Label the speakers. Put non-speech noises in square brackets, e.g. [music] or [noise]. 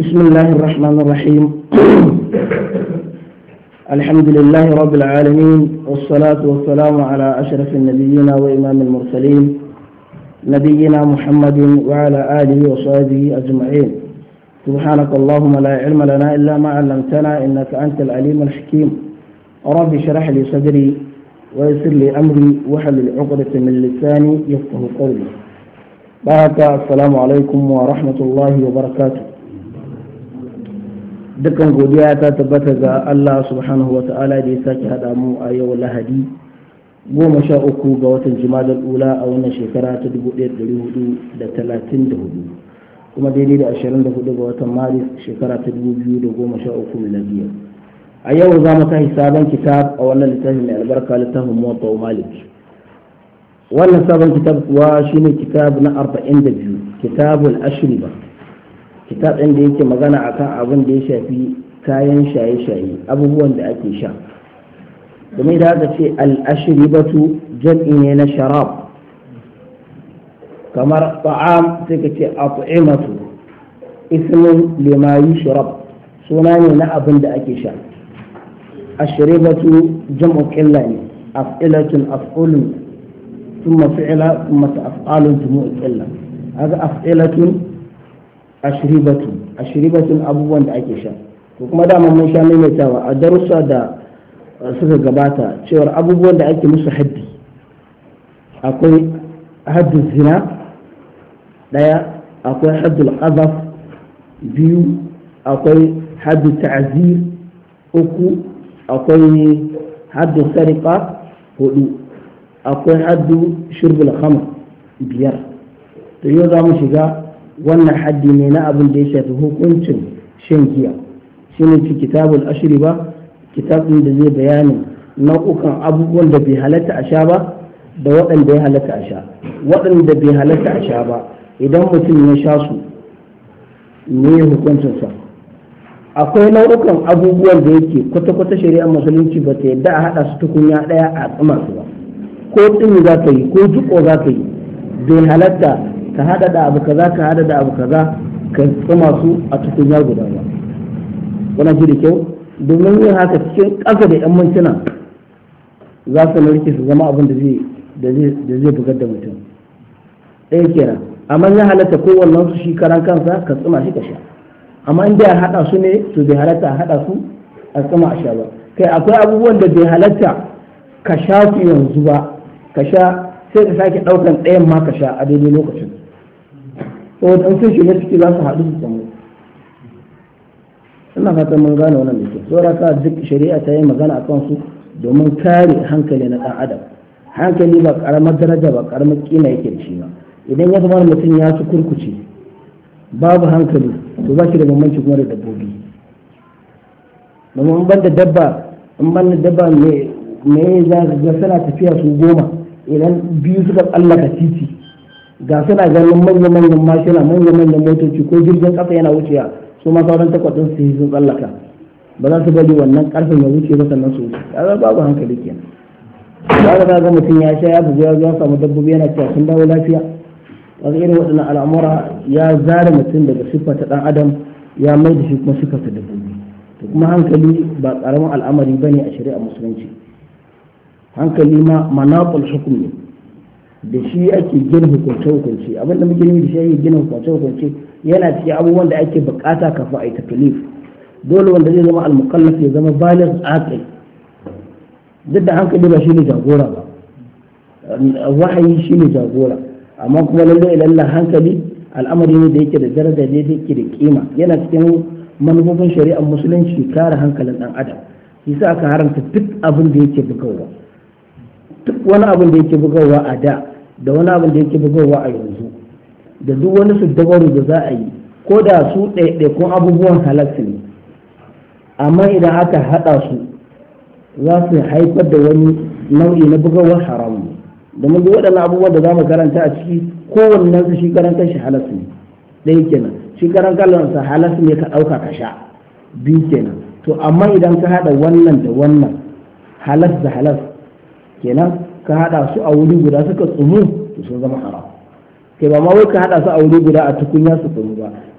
Speaker 1: بسم الله الرحمن الرحيم [clears throat] الحمد لله رب العالمين والصلاة والسلام على أشرف النبيين وإمام المرسلين نبينا محمد وعلى آله وصحبه أجمعين سبحانك اللهم لا علم لنا إلا ما علمتنا إنك أنت العليم الحكيم رب اشرح لي صدري ويسر لي أمري وحلل عقدة من لساني يفقه قولي بارك السلام عليكم ورحمة الله وبركاته dukkan godiya ta tabbata ga Allah subhanahu wa ta'ala da ya sake haɗa mu a yau lahadi goma sha uku ga watan jimadar ula a wannan shekara ta dubu ɗaya da hudu da talatin da hudu kuma daidai da ashirin da hudu ga watan maris shekara ta dubu biyu da goma sha uku miladiya a yau za mu tashi sabon kitab a wannan littafin mai albarka littafin mota malik wannan sabon kitab kuwa shine kitab na arba'in da biyu kitabul ashriba kitab ɗin da yake magana akan abin da ya shafi kayan shaye-shaye abubuwan da ake sha domin da aka ce al'ashiribatu jam'i ne na sharab kamar ta'am sai ka ce at'imatu ismin lima yushrab suna ne na abin da ake sha ashribatu jam'u qilla ne af'ilatun af'ulun thumma fi'la thumma af'alun jam'u qilla haka af'ilatun ashribatu ashribatu abubuwan da ake sha to kuma da mun sha mai tawa a darussa da suka gabata cewa abubuwan da ake musu haddi akwai haddu zina daya akwai haddul qazaf biyu akwai haddu ta'zir uku akwai haddu sariqa hudu akwai haddu shurbul khamr biyar to yau za mu shiga wannan haddi ne na abin da ya shafi hukuncin shan giya shi ne ci kitabul ashiri ba kitabun da zai bayani nau'ukan abubuwan da bai halatta a sha ba da waɗanda ya halatta a sha waɗanda bai halatta a sha ba idan mutum ya sha su ne hukuncin sa. akwai nau'ukan abubuwan da yake kwata-kwata shari'ar musulunci ba ta yadda a haɗa su tukunya ɗaya a tsima ba ko tsini za ka yi ko jiko za ka yi bai halatta ka hada da abu kaza ka hada da abu kaza ka tsuma su a tukunya guda ba wannan shi da kyau domin yin haka cikin ƙasa da 'yan mancina za su narke su zama abin da zai bugar da mutum ɗaya kenan amma ya halatta wannan su shi karan kansa ka tsuma shi ka sha amma inda ya hada su ne to bai halatta a hada su a tsuma a sha ba kai akwai abubuwan da bai halatta ka sha su yanzu ba ka sha sai ka sake ɗaukan ɗayan ma ka sha a daidai lokacin saboda in shi shiga ciki za su haɗu su samu ina fatan mun gane wannan da ke saboda ka duk shari'a ta yi magana a kansu domin kare hankali na ɗan adam hankali ba karamar daraja ba karamar kima yake da shi ba idan ya zama mutum ya su kurkuce babu hankali to ba shi da bambanci kuma da dabbobi domin ban da dabba in ban da dabba me za ga suna tafiya su goma idan biyu suka tsallaka titi ga suna ganin manya-manyan mashina manya-manyan motoci ko jirgin kasa yana wucewa su ma sauran takwadin su yi sun tsallaka ba za su bari wannan karfin ya wuce ba sannan su wuce kaga babu hankali kenan ba da ga mutum ya sha ya bugu ya ya samu dabbobi yana cewa sun dawo lafiya Wasu irin waɗannan al'amura ya zara mutum daga siffa ta dan adam ya mai da shi kuma siffa ta dabbobi to kuma hankali ba karamin al'amari ba ne a shari'a musulunci hankali ma manaqul hukumi ne da shi ake gina hukunce hukunce abin da muke nufi da shi ake gina hukunce hukunce yana cikin abubuwan da ake bukata kafin a yi tafilif dole wanda zai zama almukallaf ya zama balin aqil duk da hankali ba shi ne jagora ba wahayi ne jagora amma kuma lalle ilalla hankali al'amari ne da yake da daraja ne da yake da kima yana cikin manufofin shari'ar musulunci kare hankalin dan adam yasa aka haramta duk abin da yake bugawa duk wani abin da yake bugawa a da da wani abin da yake bugowa a yanzu da duk wani su da za a yi ko da su ɗaiɗaikun abubuwan halatta ne amma idan aka haɗa su za su haifar da wani nau'i na bugawar haramu da mun waɗannan abubuwan da za mu karanta a ciki kowanne su shi karan shi halatta ne ɗaya kenan shi karan kansa halatta ne ka ɗauka ka sha biyu kenan to amma idan ka haɗa wannan da wannan halas da halas kenan ka hada su a wuri guda suka tsumu to sun zama haram kai ba ma wai ka hada su a wuri guda a tukunya su tsumu ba